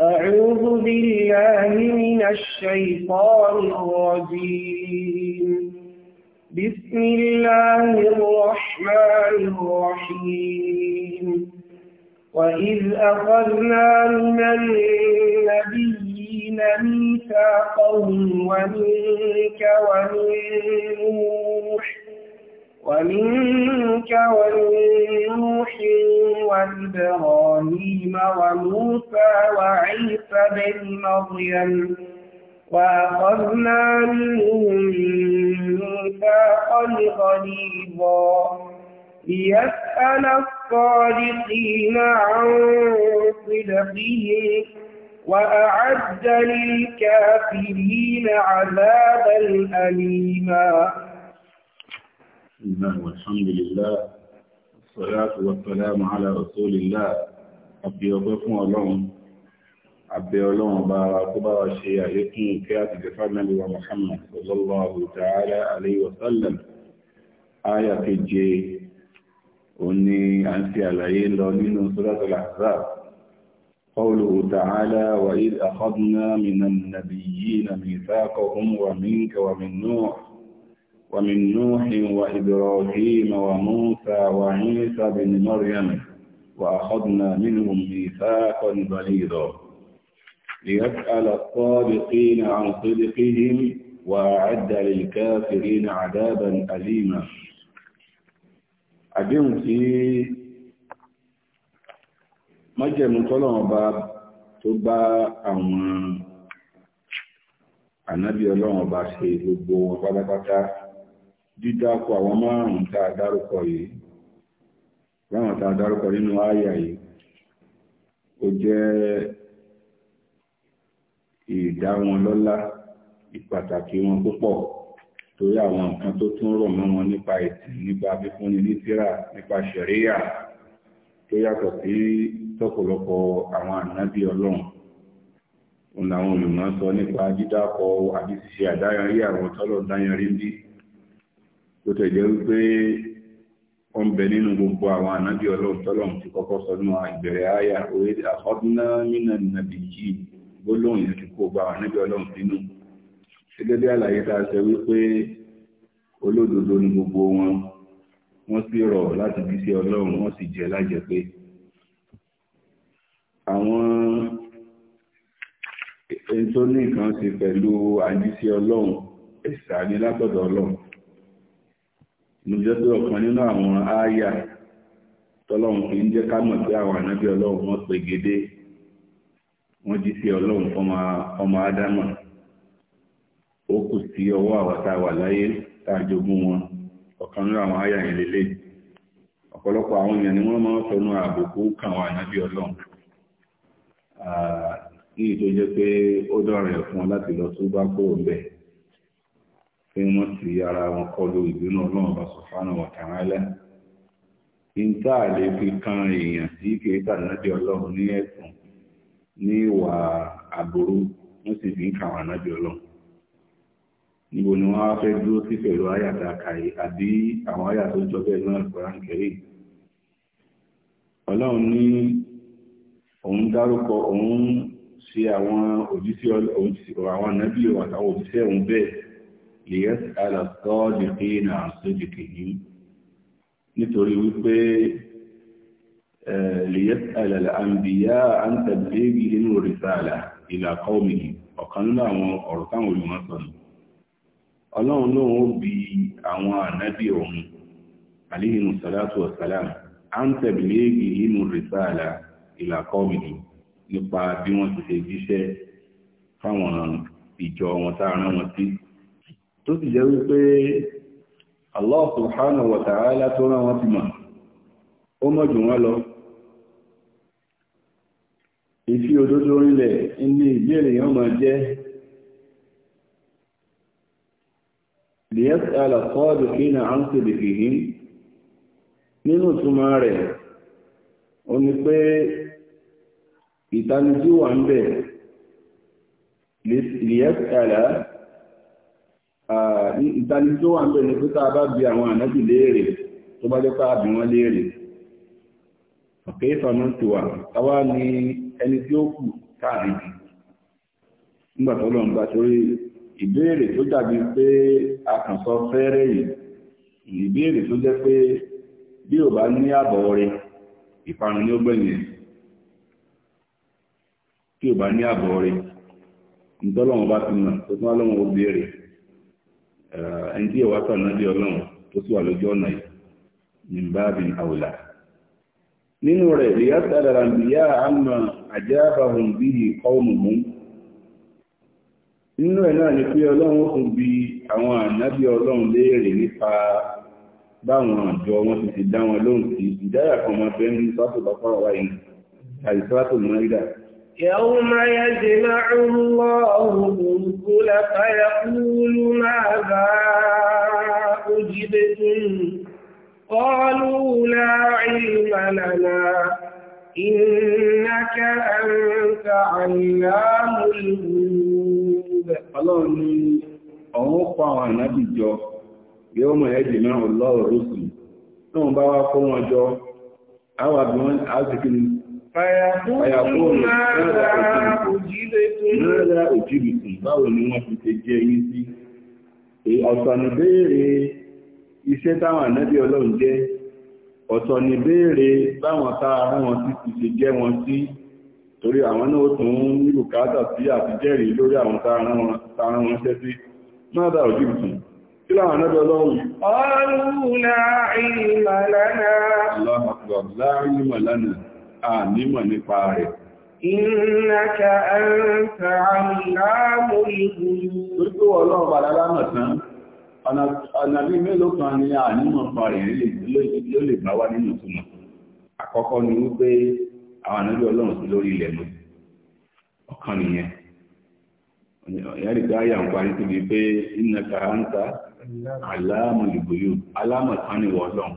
أعوذ بالله من الشيطان الرجيم بسم الله الرحمن الرحيم وإذ أخذنا من النبيين ميثاقهم ومنك ومن نوح ومنك ومن نوح وإبراهيم وموسى وعيسى بن مريم وأخذنا منهم ميثاقا غليظا ليسأل الصادقين عن صدقهم وأعد للكافرين عذابا أليما بسم الله والحمد لله الصلاة والسلام على رسول الله أبي أبوكم ألون أبي ألون باركوبا وشيائكم كاتب جفرنا لو محمد صلى الله تعالى عليه وسلم آية في جي أني أنسي عليين لونين صلاة الأحزاب قوله تعالى وإذ أخذنا من النبيين ميثاقهم ومنك ومن نوح ومن نوح وإبراهيم وموسى وعيسى بن مريم وأخذنا منهم ميثاقا غليظا ليسأل الصادقين عن صدقهم وأعد للكافرين عذابا أليما àdéhùn tí májẹ̀mú tọ́lọ́wọ́n bá tó bá àwọn ànábí ọlọ́wọ́n bá ṣe dídákọ̀ àwọn márùn-ún tá a dárúkọ yìí láwọn tá a dárúkọ nínú àyà yìí ó jẹ́ ìdá wọn lọ́lá ìpàtàkì wọn púpọ̀ torí àwọn nǹkan tó tún rọ̀ mọ́ wọn nípa ìtì nípa fífúnni ní tírà nípa ṣẹ̀ríyà tó yàtọ̀ sí tọ́pọ̀lọpọ̀ àwọn ànábì ọlọ́run òun làwọn olùmọ̀ sọ nípa dídákọ̀ àbí ṣíṣe àdáyanrí àwọn tọ́lọ̀ dáyanrí bíi tó tẹ̀jẹ́ wípé wọ́n ń bẹ nínú gbogbo àwọn ànábì ọlọ́run tọ́lọ́run ti kọ́kọ́ sọ nínú ìbẹ̀rẹ̀ àyà orí àkọ́dúnná nínú nàbì yìí gbólóhùn yẹn ti kó gba àwọn ànábì ọlọ́run sínú gẹ́gẹ́ bí àlàyé tá a ṣe wípé olódodo ni gbogbo wọn wọ́n sì rọ̀ láti bí sí ọlọ́run wọ́n sì jẹ́ lájẹpé àwọn ẹni tó ní nǹkan ṣe pẹ̀lú àjíṣẹ́ ọlọ́run ẹ̀sà ní látọ̀dọ̀ ọlọ́run níjẹ́ ọ̀kan nínú àwọn ááyà tọ́lọ́run fi ń jẹ́ ká mọ̀ pé àwọn ànábì ọlọ́run wọ́n pegedé wọ́n jí sí ọlọ́run ọmọ ádámà ó kù sí ọwọ́ àwọn a wà láyé wọn ọ̀kan nínú àwọn ááyà yẹn lélẹ̀ ọ̀pọ̀lọpọ̀ àwọn ni wọ́n máa ń àbùkù ọlọ́run jẹ́ pé ó dọ̀rẹ̀ fún ọ láti lọ kí wọ́n ti ara wọn kọlu ìbínú ọlọ́run bá sọ̀fánà wàtàrálẹ́ ìta lè fi kan èèyàn tí kìí tànàbí ọlọ́run ní ẹ̀sùn ní ìwà àbúrú wọ́n sì fi ń kà wọ́n ànábì ọlọ́run níbo ni wọ́n á fẹ́ dúró sí pẹ̀lú àyàtà kàyé àbí àwọn àyà tó jọ bẹ́ẹ̀ náà kọ́ra ń kẹ́rì ọlọ́run ní òun dárúkọ òun ṣe àwọn òjíṣẹ́ àwọn ànábì àtàwọn òjíṣẹ́ òun bẹ́ẹ̀ lèyẹ́sàlá tọ́ọ̀lì kí ní àṣíjìkì yìí nítorí wípé lèyẹ́sàlá àmbìyà an tàbílégì nínú rìsàlá ìlà kọ́mìnì ọ̀kan nínú àwọn ọ̀rọ̀ táwọn olùmọ̀ sọ̀nù ọlọ́run lóun ó bi àwọn ànábì òun àlíhìnú sàlátù ọ̀sálàm an tàbílégì nínú rìsàlá ìlà kọ́mìnì nípa bí wọ́n ti ṣe jíṣẹ́ fáwọn ìjọ wọn tá wọn sí tó sì jẹ́ wípé Allah subhanahu wa ta'ala tó rán wọn ti mọ̀ ó mọ̀ jù wọ́n lọ ìfi òdodo rinlẹ̀ ní ìdí ènìyàn máa jẹ́ ليسأل الصادقين عن صدقهم nínú ìtumọ̀ rẹ̀ pé ìtanijú wà ìtani tó wà ń bẹ̀rẹ̀ pé tá a bá bi àwọn ànábì léèrè tó bá jẹ́ pé a bi wọ́n léèrè ọ̀kẹ́ ìfàmọ́ tó wà táwa ni ẹni tí ó kù káàdìdì nígbà tó lọ́n bá torí ìbéèrè tó dàbí pé àkànṣọ fẹ́rẹ́ yìí ìbéèrè tó jẹ́ pé bí ò bá ní àbọ̀ rẹ ìparun ní ó gbẹ̀yìn tí ò bá ní àbọ̀ rẹ nítọ́lọ́wọ́n bá ti mọ̀ tó tún wá lọ́wọ́n ó Eh, ẹni tí ìwà tọ̀ náà lé ọlọ́run tó sì wà lójú ọ̀nà yìí ní báàbí àwòlà nínú rẹ̀ ìyá sàdára ìyá àmà àjábàhùn bí ọmọ mú nínú ẹ̀ náà ni pé ọlọ́run fún bí àwọn ànábí ọlọ́run léèrè nípa báwọn àjọ wọn ti ti dá wọn lóhùn sí ìdáyà kan máa bẹ́ẹ̀ ní sátò bá fáwọn يوم يجمع الله الرسل فيقول ماذا أجبتم قالوا لا علم لنا إنك أنت علام الغيوب Ọlọ́run ni ọ̀hún ya àwọn ànábì jọ bí ó mọ̀ ẹ̀jì ya lọ́rọ̀ ya náà Fàyàkùn mọ́lá òjìbìtì báwo ni wọ́n fi ṣe jẹ́ yín sí. Ọ̀tọ̀ ni béèrè iṣẹ́ táwọn ànábí ọlọ́run jẹ́, ọ̀tọ̀ ni béèrè báwọn táàrá wọn sí ti ṣe jẹ́ wọn sí, torí àwọn náà ó tún ní ànímọ̀ nípa rẹ̀. Ìrìnàkà ẹ̀rẹ́ta aláàmù ìlú. Gbogbo ọlọ́ọ̀bà lálámọ̀ tán, ọ̀nà bí mélòó kan ni ànímọ̀ pa rẹ̀ ló lè bá wá nínú túnmọ̀. Àkọ́kọ́ ni wípé àwọn ànábí ọlọ́run sí lórí ilẹ̀ mú. nìyẹn. Ìyárí tó ń parí tó bí pé ìrìnàkà ẹ̀rẹ́ta aláàmù ìlú. Alámọ̀ tán ni wọ́n lọ́n.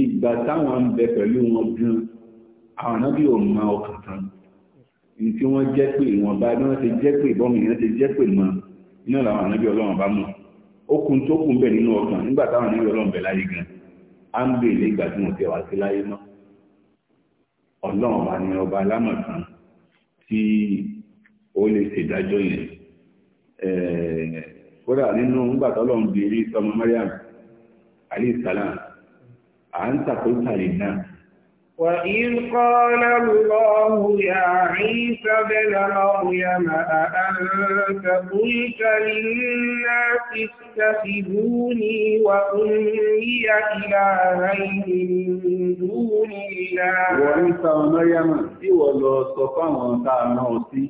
Ìgbà táwọn ń bẹ pẹ̀lú wọn gan àwọn ànábì ò mọ ọkàn kan ní tí wọ́n jẹ́ pé ìwọ̀nba bí wọ́n ti jẹ́ pé ìbọn mìíràn ti jẹ́ pé mọ iná làwọn ànábì ọlọ́run bá mọ̀ okùn tó kù ń bẹ nínú ọkàn nígbà táwọn ànábì ọlọ́run bẹ láyé gan á ń bèèrè ìgbà tí wọ́n ti wà sí láyé mọ́ ọlọ́run bá ní ọba alámọ̀ kan tí ó lè ṣèdájọ́ yẹn kódà nínú nígbà tọ́lọ́run bèèrè sọmọ Mariam alayhi salam à ń tàkóńtàlè náà وإذ قال الله يا عيسى بن مريم أأنت قلت للناس اتخذوني وأمي إلهين من دون الله وعيسى مريم ìwọ ló sọ fáwọn tá a rán ọ sí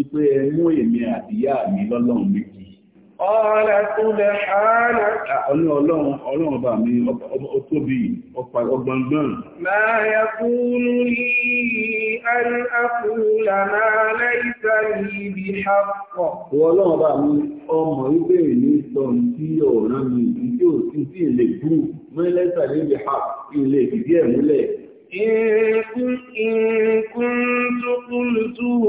ipe ẹ mú èmi Ọ̀rẹ́ tó lẹ ṣàárẹ́. Ọlọ́run ọlọ́run bá mi ọtóbi ọgbọ̀ngbọ̀n. Máa yẹ kúrú ní an akúrà máa lẹ́ìsà níbi ṣàpọ̀. Ọlọ́run bá mi ọmọ wípé ní إن كنت قلته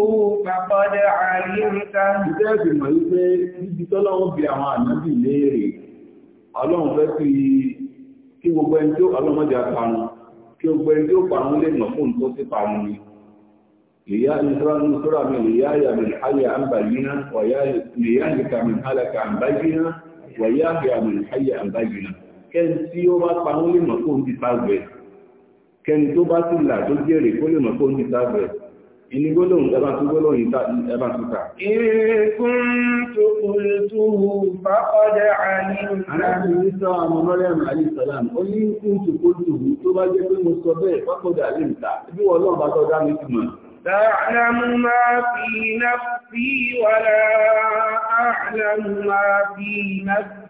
فقد علمته Ìjẹ́bì mọ̀ wípé níbi tọ́lọ́wọ́ bí àwọn ànábì léèrè, ọlọ́run fẹ́ fi kí gbogbo ẹni tí ó ọlọ́mọdé àpanu, kí gbogbo ẹni tí ó parun lè nà fún tó sí parun ni. Ìyá ìsọ́rọ̀ ní sọ́rọ̀ mi ìyá ìyàmì ayé àmbàyíná, ìyá ìkàmì kẹni tó bá sì là tó jèrè kó lè mọ̀ kó ní sáfẹ́ ìní gbólóhùn ẹbá tó gbólóhùn ẹbá tó ta. ìrìnkún tó kùrù tó hù fàkọ́dẹ̀ àníhùn. aláàbìnrin sọ àwọn mọ́lẹ́mù alìsàlám ó ní kún tó kùrù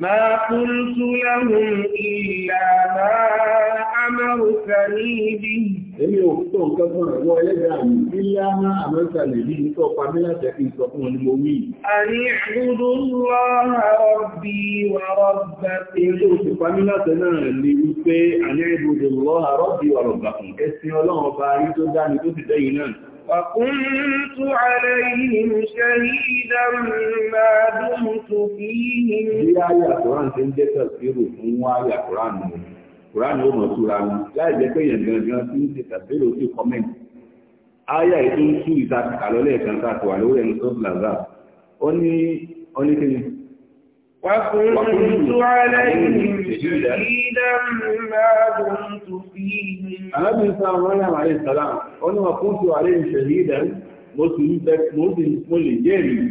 ما قلت لهم إلا ما أمرتني به Èmi ò fún tó nǹkan fún ẹ̀wọ́ ẹlẹ́gbà mi, ilé àmà àmẹ́ta lè rí nítọ́ pàmílà tẹ́kì sọ fún ọdún mo wí. A ní ìrúdú lọ́ha ọ̀bí wà rọ́gbà. Èyí tó ti pàmílà tẹ́ náà lè rọ́bí wà rọ̀gbà وكنت عليهم شهيدا ما دمت فيهم bí àyà Quran ṣe ń jẹ́ tàbírò fún àyà Quran ni Quran ó mọ̀ túra mu láì jẹ́ pé èèyàn gangan tí ń ṣe tàbírò sí kọ́mẹ́ǹtì àyà ètò ń tú ìta kàlọ́lẹ̀ kan káàtó wà lórí ẹni tó blazar ó ní oníkẹ́yìn وكنت عليهم شهيدا ما دمت فيهم النبي الله عليه وسلم قال وكنت عليهم شهيدا mo sì ń bẹ mo sì mo lè jẹ́rìí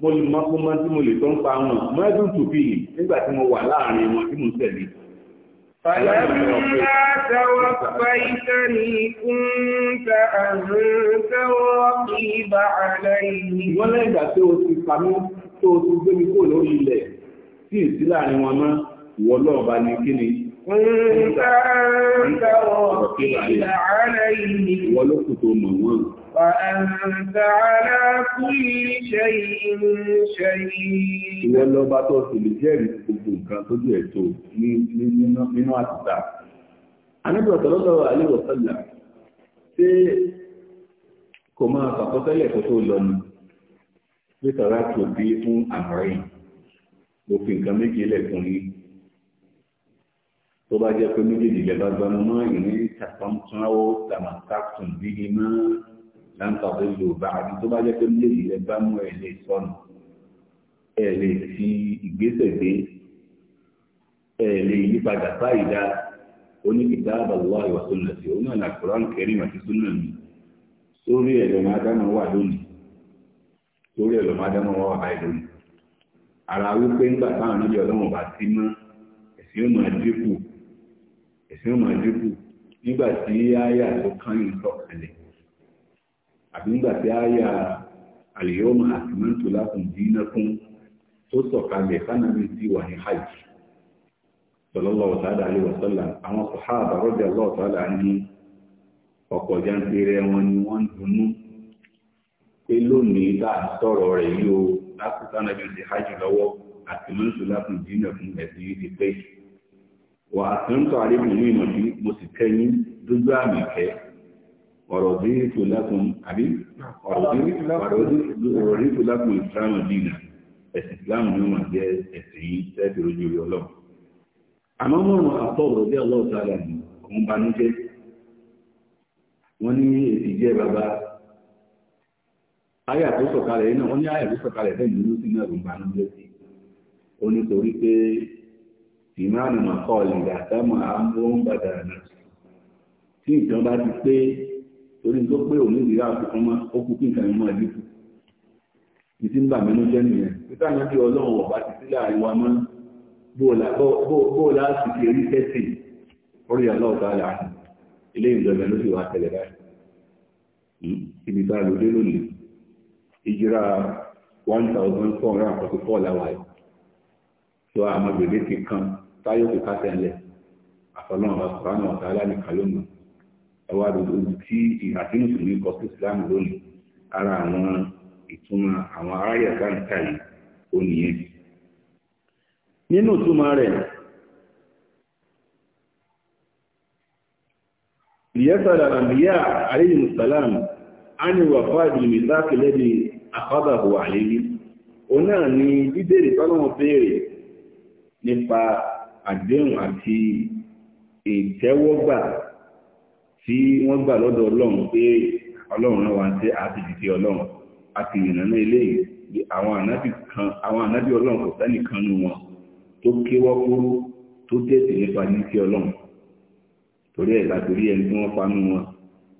mo lè mọ fún mọ́tí mo lè tó ń pa wọn mọ́ẹ́dùn tù fi nígbà tí mo wà láàrin wọn tí mo ń tẹ̀lé. فلما توفيتني كنت أنت الرقيب عليهم. wọ́n lẹ́yìn ìgbà tí o tí ìsí láàrin wọn mọ́ ìwọ náà bá ní kí ni. Ìwọ ló kù tó mọ̀ wọ́n. Ìwọ lọ bá tọ́ sí lè jẹ́rìí gbogbo nǹkan tó jẹ́ ètò nínú àtìta. Àníbọ̀ tọ́lọ́tọ̀ àlèwọ̀sọ́là ṣé kò máa mo fi nǹkan méje lẹ́kùn yìí tó bá jẹ́ pé méjèèjì lẹ́ bá gbanú mọ́ ìní tàpámtúnáwó tàmátàkùn bí i mọ́ láǹtàwé lò bá àbí tó bá jẹ́ pé méjèèjì lẹ́ bá mú ẹ̀ lè sọnù ẹ̀ lè fi ìgbésẹ̀ gbé ẹ̀ lè yípadà báyìí dá oní kitab Allah wa sunnati òun náà al àti súnà mi sórí ẹ̀ lọ́mọ adámọ̀ wà lónìí sórí ẹ̀ lọ́mọ adámọ̀ wà báyìí lónìí ara wípé ńgbà táwọn níbi ọlọ́run bá sí mọ́ ẹ̀sìn ó máa dínkù ẹ̀sìn ó máa dínkù nígbà tí áyà tó kányìn sọ̀kalẹ̀ àbí nígbà tí áyà àlèyọ́mọ àti mọ́tò lákùn dínà fún tó sọ̀kalẹ̀ fánàmì ti wà ní hajj sallallahu ta'ala alaihi wa àwọn sàhábà radiyallahu ta'ala ní ọ̀pọ̀ jàǹtẹ̀rẹ̀ wọn ni wọ́n dunnú pé lónìí tá a sọ̀rọ̀ rẹ̀ yìí o lákòókò náà ti hajj lọ́wọ́ àti mọ́tò láti dínà fún ẹ̀sìn yìí ti pé wà á tún tọ́ àríwá ní ìmọ̀jú mo sì kẹ́yìn dúdú àmì kẹ́ ọ̀rọ̀ bí ètò lákùn àbí ọ̀rọ̀ bí ọ̀rọ̀ bí ètò lákùn ìsìlámù dínà ẹ̀sìn ìsìlámù ní wọn jẹ́ ẹ̀sìn yìí tẹ́tì lójú rí ọlọ́run àmọ́ mọ́rùn àtọ́rọ̀ bí ọlọ́ọ̀tà rẹ̀ ọ̀hún banújẹ́ wọ́n ní èsì jẹ́ bàbá Ayà tó sọ̀kalẹ̀ iná, ó ní ayà tó sọ̀kalẹ̀ bẹ́ẹ̀ nínú sí náà rùn banú létí. Ó ní torí pé ìmáàmù àkọ́ ìlà àtàmọ̀ àmúhùn bàdà náà. Tí nǹkan bá ti pé torí tó pé òun ìdíra àfikún mọ́, ó kú kí nǹkan yẹn máa dínkù. Ìtí ń bà mí ló jẹ́ nìyẹn. Títà náà bí ọlọ́run ọ̀bá ti sílẹ̀ àríwá mọ́ bóòlá sì ti rí tẹ́sì orí aláọ̀tàlá ilé ìjọba ló sì wà tẹ̀lẹ̀ ìjìrà 1444 láwàá yìí tó àmọ́ gbèdé ti kan táyọ̀ kò kásẹ̀ ńlẹ̀ àfọlọ́run àfọlọ́run ọ̀tá alámìkà lónìí ẹwà gbogbo tí ìhàtí mùsùlùmí kọ sí ìsìlámù lónìí ara àwọn ìtumọ̀ àwọn aráyà gáǹkà yìí ó nìyẹn nínú ìtumọ̀ rẹ̀ ìyẹ́sàdà àbíyà àríyìn mùsàlámù ní wàfá ìlúmi sáàkì lẹ́bi àfábàbò àlérí o náà ni bíbèrè tọ́lọ́wọ́n béèrè nípa àdéhùn àti ìtẹ́wọ́gbà tí wọ́n gbà lọ́dọ̀ ọlọ́run pé ọlọ́run náà wà ń tẹ́ àti dìde ọlọ́run àti ìrìnàmọ́ ilé àwọn ànábì ọlọ́run kò sẹ́nì kan nú wọn tó kéwọ́ kúrú tó tẹ̀sí nípa ní sí ọlọ́run torí ẹ̀ látorí ẹni tí wọ́n fanú wọn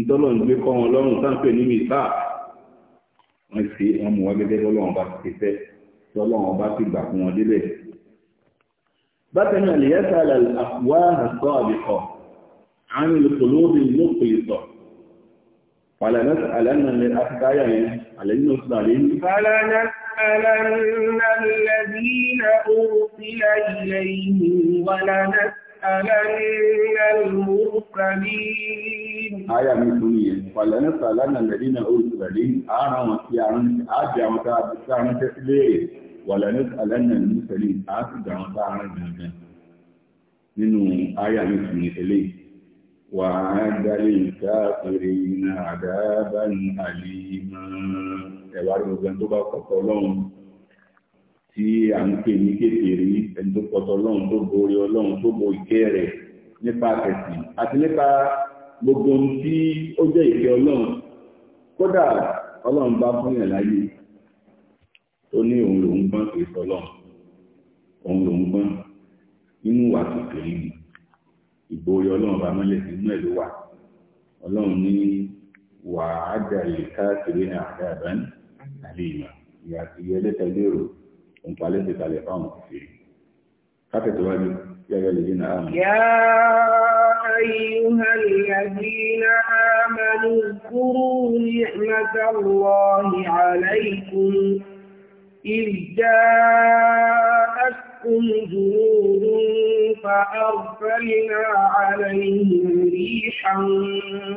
ìtọ́lọ̀ ń gbé kọ́ wọn lọ́rùn sáńpẹ̀ ní mìíta wọ́n fi wọn mú wọn gẹ́gẹ́ lọ́lọ́run bá ti fẹ́ lọ́lọ́run bá ti gbà fún wọn débẹ̀. bákan náà lè yẹ́sà àfùwá àṣọ àbíkọ̀ àmì olóòbí lópin ìtọ̀ فلا نسألن الأخبايين الذين أرسل إليهم فلا نسألن الذين أرسل إليهم ولا ألن المرسلين آية مثلية فلنسألن الذين أرسل إليهم أنا وفي عن أبي عن أبي عن تسليه ولنسألن المرسلين أبي عن أبي nínú àyà mi fi ilé wà á dálé káàkiri iná àdábáyìn àlè ìmọ̀ ẹ̀wà rẹ̀ gbogbo tó bá kọ́kọ́ lọ́hùn-ún tí à ń pè ní kékeré ẹni tó pọ̀tọ̀ ọlọ́run tó borí ọlọ́run tó bo ìkẹ́ rẹ̀ nípa àtẹ̀sìn àti nípa gbogbo ohun tí ó jẹ́ ìkẹ́ ọlọ́run kódà ọlọ́run bá fún yàn láyé ó ní òun lòún gbọ́n kì í sọlọ́run òun lòún gbọ́n nínú ìwà kékeré ni ìborí ọlọ́run bá mọ́lẹ̀ nínú ẹ̀ ló wà ọlọ́run ní wàá dà lè káàkiri àdáàbá àlè ìmọ̀ ìyàtìyẹlẹ́tẹ̀lérò on parlait de ta langue يا الذين آمنوا يا أيها الذين آمنوا اذكروا نعمة الله عليكم إذ جاءتكم جنود فأرسلنا عليهم ريحا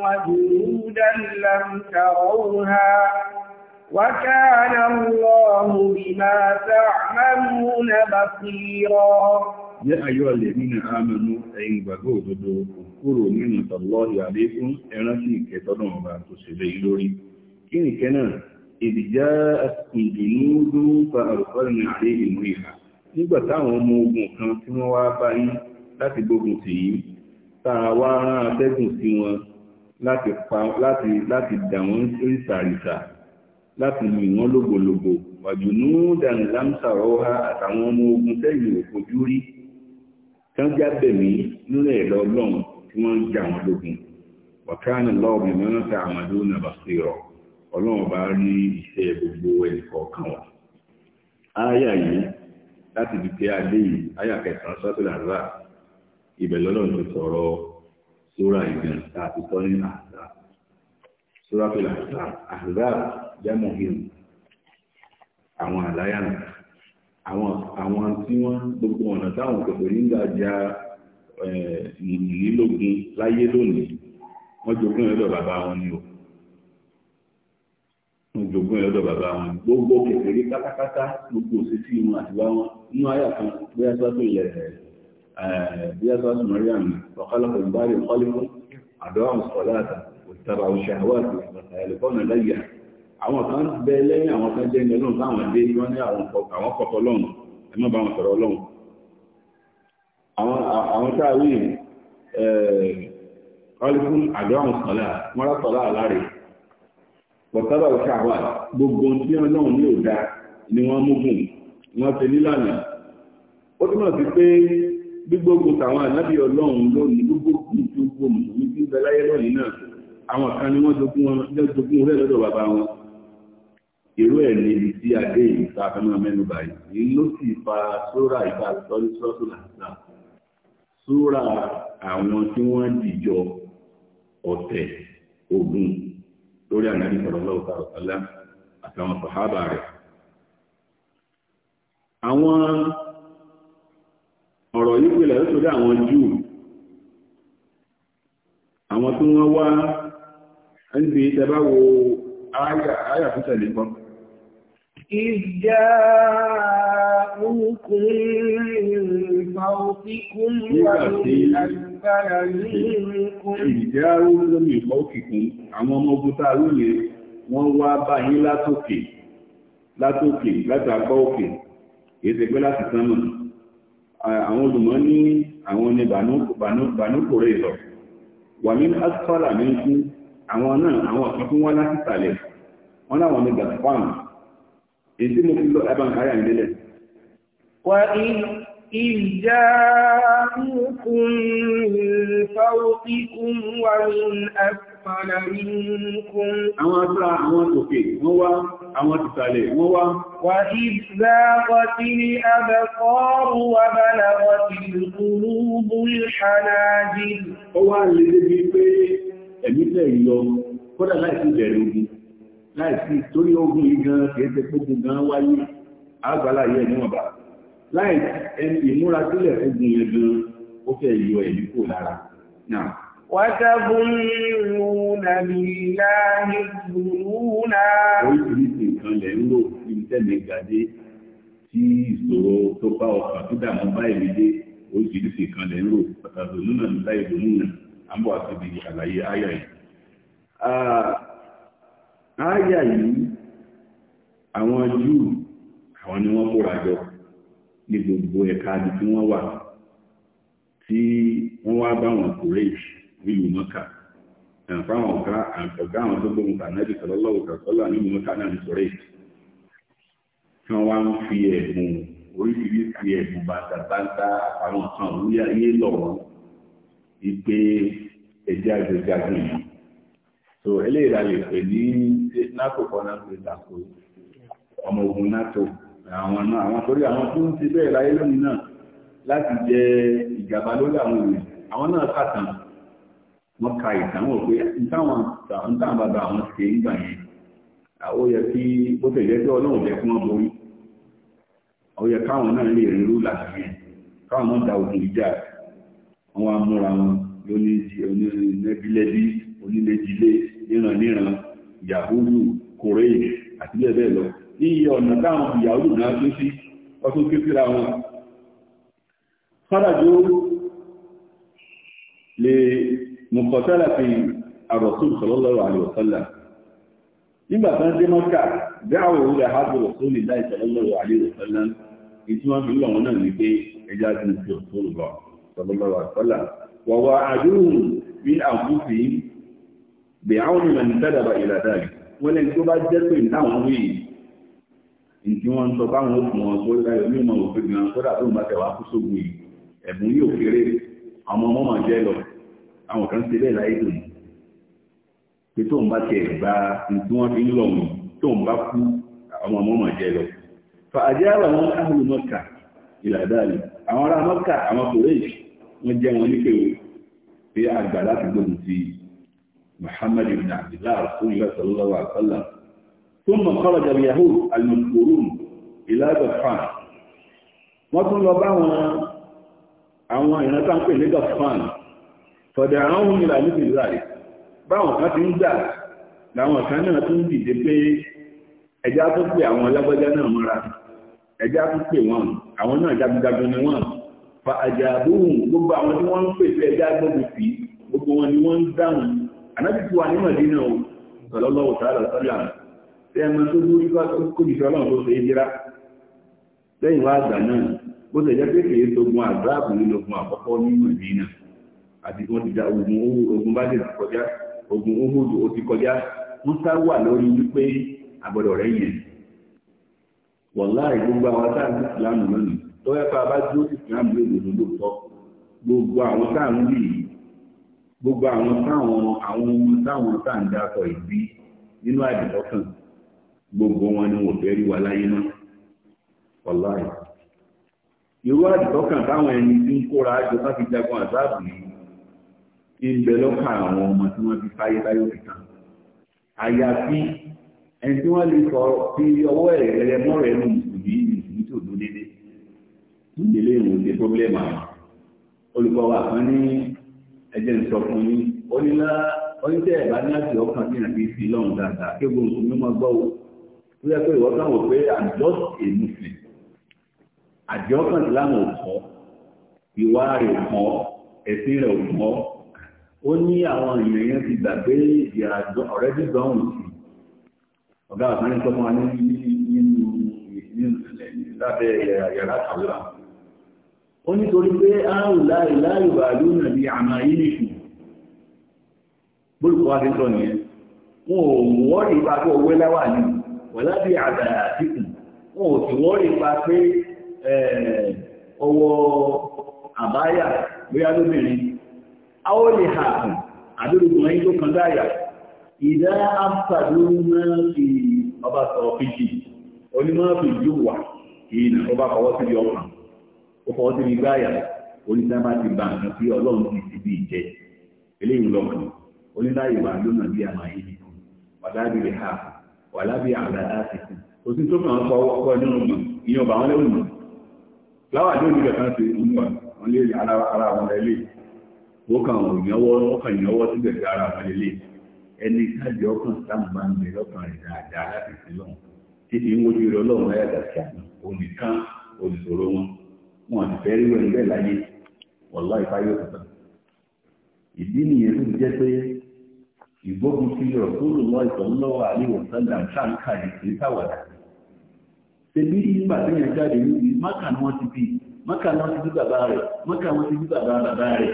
وجنودا لم تروها وكان الله بما تعملون بصيرا يا أيها الذين آمنوا أين بغوا اذكروا نعمة الله عليكم ẹ̀rántí ìkẹtọ́dọ̀ ọba tó ṣẹlẹ̀ lórí kí ni kẹ́nà ìdíjá ìdùnnúdú fa àrùkọ́rin àrí ìlú ìhà nígbà táwọn ọmọ ogun kan tí wọ́n wá bá yín láti gbógun tì yín tàà wá rán atẹ́gùn sí wọn láti dà wọ́n rísàrísà láti lu ìwọ́n lògbòlògbò wàjú ní dànù lámsàrọ̀ ha àtàwọn ọmọ ogun tẹ́yìn òfojú rí tán jábẹ̀mí nílẹ̀ ẹ̀lọ ọlọ́run tí wọ́n ń jà wọn lógun wàkánà lọ́ọ̀bì mẹ́rin ta àmàdó nà bá sí rọ ọlọ́run bá rí iṣẹ́ gbogbo ẹnì kọ̀ọ̀kan wọn. ááyà yìí láti dùkú adé yìí ááyà kẹsàn-án sọ́tìlá rà ibẹ̀ lọ́lọ́run ti sọ̀rọ̀ sóra ìgbẹ̀ǹta àti tọ́ni àhàzà sóra jẹ́mọ̀ hìlù àwọn àláyànà àwọn àwọn tí wọ́n gbogbo ọ̀nà táwọn kòkòrò nígbà ja ìlílógún láyé lónìí wọ́n jogún ẹ̀ lọ́dọ̀ bàbá wọn ni o wọ́n jogún ẹ̀ lọ́dọ̀ bàbá wọn ni gbogbo kòkòrò pátápátá gbogbo òṣèṣì wọn àti wá wọn nínú àyà kan bóyá sọ́tò ilẹ̀ bóyá sọ́tò mọ́ríàm ọ̀kálọ́kọ̀ ìbárè ọ̀kọ́lẹ́kọ̀ àdó àwọn sọ̀lá àtà òtítàbà òṣèṣà wà àwọn kan bẹ lẹ́yìn àwọn kan jẹ́ ẹ̀yìn ọlọ́run láwọn dé ní wọ́n ní àwọn kọ̀ọ̀kọ̀ ọlọ́run ẹ má bá wọn sọ̀rọ̀ ọlọ́run àwọn táàwí ọlẹ́fún àdọ́rùn sọ̀lá wọ́n rásọ̀lá aláre pọ̀tọ́lá òṣà wà gbogbo tí wọ́n náà ní òdá ni wọ́n múgùn wọ́n ti nílànà ó túnmọ̀ sí pé gbígbógun tàwọn ànábì ọlọ́run lónìí gbogbo gbogbo mùsùlùmí tí ń bẹ láyé lónìí náà àwọn kan ni wọ́n jogún rẹ̀ lọ́dọ̀ bàbá wọn irú ẹ̀ níbi tí adé yìí ta fẹ́ máa mẹ́nu báyìí èyí ló sì fa sóra ìta sọ́rí sọ́tò làtà sóra àwọn tí wọ́n dìjọ ọ̀tẹ̀ ogun lórí ànábì sallallahu alaihi àtàwọn sàhábà rẹ̀ àwọn ọ̀rọ̀ yìí pèlè lóṣòdì àwọn júù àwọn tí wọ́n wá wo tó tẹ̀lé إذ جاءوكم من فوقكم ومن أسفل منكم إذ جاءوكم من فوقكم àwọn ọmọ ogun tá a lóye wọ́n wá bá yín látòkè látòkè láti àgbá òkè èsì pé láti sánmà àwọn olùmọ̀ ní àwọn ní bànúkòrè lọ wà ní asfala ní kú àwọn náà àwọn ọ̀kan fún wọn láti sàlẹ̀ wọ́n láwọn ní gàtfáàmù èsì mo fi lọ ẹbá ń kárí àmìlẹ̀ wà ìjà mùkún fáwọ́tíkún wà ní ẹ̀fàlà mùkún àwọn àtúrà àwọn tòkè wọ́n wá àwọn tìtàlẹ̀ wọ́n wá wà ìgbà kọtí ní abẹ́kọ́rù wà bẹ́lẹ̀ kọtí ìrúbù ìṣànájì ó láìsí torí ogun yìí gan kìí pógun gan wáyé àgbàláyé níwọ̀n bá láì ìmúra sílẹ̀ ogun yẹn gan ó fẹ́ yọ ẹ̀mí kò lára náà وَتَظُنُّونَ بِاللَّهِ الظُّنُونَا Oríṣiríṣi nǹkan lẹ̀ ń lò ní tẹ́lẹ̀ gàdé tí ìṣòro tó bá ọkàn tó dàmú bá ìrìdé oríṣiríṣi nǹkan lẹ̀ ń lò pàtàkì lónà ááyà yìí àwọn júù àwọn ni wọ́n kóra jọ ní gbogbo ẹ̀ka àti tí wà tí wọ́n wá bá wọn kúrèjì mọ́kà fáwọn ọ̀gá ọ̀gá àwọn tó gbóhùn tànẹ́bì tọ́lọ́lọ́wọ́ tọ́lá nílùú mọ́kà náà ní kúrèjì tí wọ́n wá ń fi ẹ̀bùn oríṣiríṣi ẹ̀bùn bàtà àwọn kan yé lọ́wọ́ wípé so ele la lè pè ní nato kọ́nà pé tako ọmọ ogun nato àwọn náà àwọn torí àwọn tó ń ti bẹ́ẹ̀ láyé lónìí náà láti jẹ ìjàmbá lórí àwọn èèyàn àwọn náà kàtàn wọ́n ka ìtàn wọ́n pé nítawọn bàbá àwọn ṣe ń gbà yẹn ó yẹ kí ó tẹ̀lé pé ọlọ́run jẹ́ kí wọ́n borí ó yẹ káwọn náà lè rí rú láti yẹn káwọn náà da ogun ìjà wọn wá múra wọn lóní ẹbílẹ́bí onílé-jilé níranníran yahudu koreyi àti bẹ́ẹ̀ bẹ́ẹ̀ lọ ní iye ọ̀nà táwọn yahudu náà tún sí ọtún ké síra wọn fádàjó lè mọ̀kọ̀tẹ́lá fi àrọ̀sùn sọ̀lọ́lọ́rọ̀ àlùsọ́lá nígbà tán dé mọ́kà dáwọ̀ orí àhábọ̀rọ̀ tó lè láì sọ̀lọ́lọ́rọ̀ àlùsọ́lá ìtí wọ́n fi lọ́wọ́ náà ní pé ẹjá ti ń fi òṣòlùbọ̀ sọ̀lọ́lọ́rọ̀ àlùsọ́lá wọ̀wọ̀ àdúrùn bí àkúfì bẹ̀rún ni mẹ́rin tẹ́lẹ̀bà ìlàdáyì wọ́n lẹ́ni tó bá jẹ́ pé ìdáwọn wíì tí wọ́n ń sọ báwọn òkun wọn tó láyé onímọ̀ òfin gan kódà tó ń bá tẹ̀wá kú sógun yìí ẹ̀bùn yóò kéré ọmọ ọmọ máa jẹ́ lọ àwọn kan ṣe bẹ́ẹ̀ láyé dùn pé tó ń bá tẹ̀ gba tí wọ́n fi ń lọ wọn tó ń bá kú ọmọ ọmọ máa jẹ́ lọ. fa àjẹ́ àwọn àwọn ahùn mọ́kà ìlàdáyì àwọn ará mọ́kà àwọn kòrèjì محمد بن عبد الله رسول الله صلى الله عليه وسلم ثم خرج اليهود المذكورون إلى غفان وصل بعض àwọn ìran tá ń pè ní gafan fọ̀dẹ̀ àwọn ohun ìlà ní ìzàrí báwọn kan ti ń dà láwọn kan náà tún dìde pé ẹjá tó pè àwọn alágbájá náà mọ́ra ẹjá tó pè wọn àwọn náà jagunjagun ni wọn fa àjàbóhùn gbogbo àwọn tí wọ́n ń pè fẹ́ ẹjá gbogbo sí gbogbo wọn ni wọ́n ń dáhùn ànábì ti wà ní mọ̀dínà o sọ̀lọ́lọ́wọ́ tààrà sọ́lá tí ẹmọ tó lórí kójìṣẹ́ ọlọ́run tó ṣe é lẹ́yìn wá àgbà náà bó àkọ́kọ́ ní àti wọ́n ti ogun bá ogun ó ti kọjá wọ́n sá wà lórí wípé rẹ̀ yẹn sáà ní ìsìlámù lónìí tó yẹ gbogbo àwọn táwọn àwọn ọmọ táwọn tá à ń dákọ̀ ìbí nínú àdìsọ́kàn gbogbo wọn ni wọ́n fẹ́ rí wa láyé náà wàláì irú àdìsọ́kàn táwọn ẹni tí ń kóra àjọ láti jagun àzáàbù yìí ń bẹ lọ́kàn àwọn ọmọ tí wọ́n fi fáyé táyé òfin kan àyàfi ẹni tí wọ́n lè sọ fi ọwọ́ ẹ̀rẹ̀ mọ́rẹ̀ ẹnu mùsùlùmí mùsùlùmí tó dún dédé nílé ìwòsàn pọ́blẹ́mù àwọn olùkọ́ wa kan ní ẹjẹ́ ìsọ fún yín onílá oníṣẹ́ ẹ̀bá ní àti ọkàn tí ìrìn àbíyí sí lọ́run dáadáa kí gbogbo nǹkan mímọ́ gbọ́ wò tó yẹ pé ìwọ kan wò pé i'm just a muslim àjọ ọkàn tí láwọn ò kọ́ ìwà rẹ̀ ò kọ́ ẹ̀sìn rẹ̀ ò kọ́ ó ní àwọn èèyàn yẹn ti gbà pé ìyàjọ ọ̀rẹ́ dídọ̀ ọ̀hún sí ọ̀gá àtàrí sọ́mọ́ wa nínú nínú lábẹ́ yàrá àtàwé àwọn ó nítorí pé áàrùn láì láì wà lónà bí àmà ìlìṣù bólùkọ́ wá fi sọ nìyẹn wọn ò wọ́n rí pa pé owó láwà ní wọ̀lá bí àgbà àtìkù wọn ò sì wọ́n rí pa pé ọwọ́ àbáyà bóyá lóbìnrin a ó lè hàkùn àdúrógbò ẹni tó kan dáyà ìdá àpàdé máa ọba sọ fíjì onímọ̀ fi jù wà ìyìn ọba fọwọ́ sí ọkàn ó fọwọ́ sí igbá àyà oníṣẹ́bá ti bá nǹkan ọlọ́run ti ti bí jẹ. eléyìí lọ́kàn oníláyè wà lónà bí àmà yìí kù lábí rẹ̀ ha wàlábì àgbà láti kù òsì tó kàn kọ́ ìyẹn ọba wọn lẹ́wọ̀n ní òní ṣe ń wà wọn lé ara ara ẹni káàdì ọkàn sáàmù bá ń lọ́kàn wọn àti fẹ́ ríro ẹgbẹ́ láyé wọ̀lá ìfáyé òkúta ìdí nìyẹn tó jẹ́ pé ìgbógun sí ọ̀rọ̀ tó lò lọ ìtọ́lọ́wọ́ àríwọ̀ sọ́dà ṣáǹkà ìpín sáwàdà ṣebí nígbà tí yẹn jáde níbi mákà ni wọ́n ti bí mákà ni wọ́n ti bí bàbá rẹ̀ mákà wọ́n ti bí bàbá bàbá rẹ̀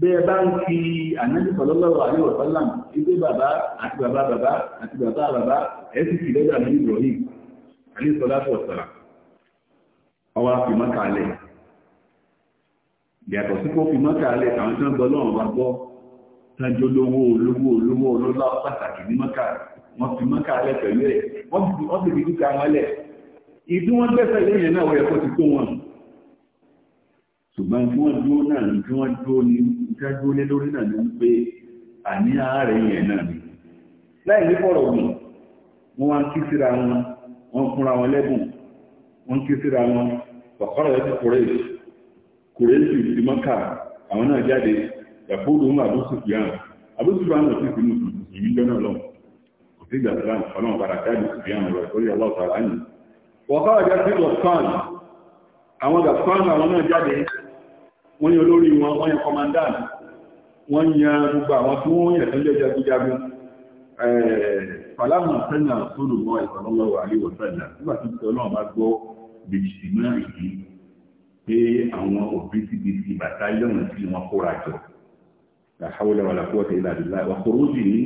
bẹ́ẹ̀ bá ń fi ànájú sọ̀lọ́lọ́wọ́ àríwọ̀ sọ́lá ìgbé bàbá àti bàbá bàbá àti bàbá bàbá ẹ̀ sì fi lọ́dà ọwá fi mọ́kàlẹ̀ yàtọ̀ sí kó fi mọ́kàlẹ̀ àwọn tí wọ́n gbọ́ lọ́wọ́ bá gbọ́ lówó olówó olówó olólá pàtàkì ní mọ́kà wọ́n fi pẹ̀lú rẹ̀. wọ́n fi fi dúkà ìdí wọ́n gbẹ́sẹ̀ lẹ́yìn náà wọ́n yẹ kó ti tó wọn ṣùgbọ́n tí wọ́n dúró náà ní tí wọ́n dúró ní tí wọ́n dúró lé lórí náà ní àní ààrẹ yẹn náà ni láì ní fọ̀rọ̀ wọ́n wá ń kí síra wọn wọ́n fúnra wọn lẹ́bùn wọ́n kí síra wọn wàkọ́rọ̀ yẹn ti kúrẹ́ kúrẹ́ sí ti mọ́kà àwọn náà jáde yàfóòdù ń àbúsùfìyàn àbúsùfìyàn náà sì fi nù ìmí jọ́nà lọ kò sí ìgbà sílámù ọlọ́run padà jáde sùfìyàn lọ ìtọ́jú ọlọ́ọ̀tà láyìn wàkọ́rọ̀ yẹn ti lọ sàn àwọn gàfán àwọn náà jáde wọ́n yẹ olórí wọn wọ́n yẹ kọmandán wọ́n yẹ gbogbo àwọn tí wọ́n yẹ tẹ́lẹ̀ jagunjagun fàlámù bèjìmọ́ ìdí pé àwọn òbí ti di ti bàtà yọ̀nà tí wọ́n kóra jọ làhàwọ́lẹ̀ wà làkúwọ́tẹ̀ ìlàdìlá wà kóró jì ní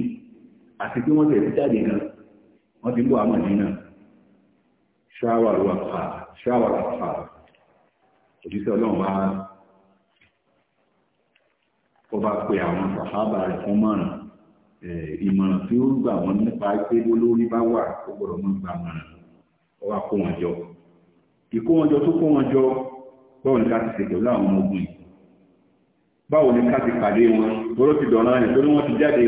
àti pé wọ́n tẹ̀lé jáde náà wọ́n ti ń bọ̀ àmọ̀ nínà ṣáwàrú àpá ṣáwàrú àpá òjíṣẹ́ ọlọ́run bá ó bá pe àwọn sàhábà rẹ̀ fún mọ̀ràn ìmọ̀ràn tí ó gbà wọ́n nípa pé olórí bá wà ó gbọ́dọ̀ mọ́ gbà mọ̀ràn ó wà kó wọn jọ ìkó wọn jọ tó kó wọn jọ báwo ni ká ti ṣètò láwọn ọmọ ogun báwo ni ká ti pàdé wọn tóró ti dọ̀nà rẹ̀ torí wọ́n ti jáde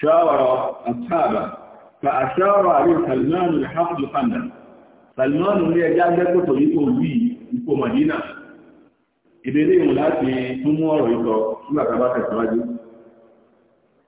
ṣáwàrọ̀ àtàbà fa àṣáwàrọ̀ àrí salmanu alhafiz fanda salmanu ní ẹjá gbẹ́kọ̀tọ̀ yìí wí ipò madina ìdílé ìwọ̀n láti tún ọ̀rọ̀ ìsọ nígbà tá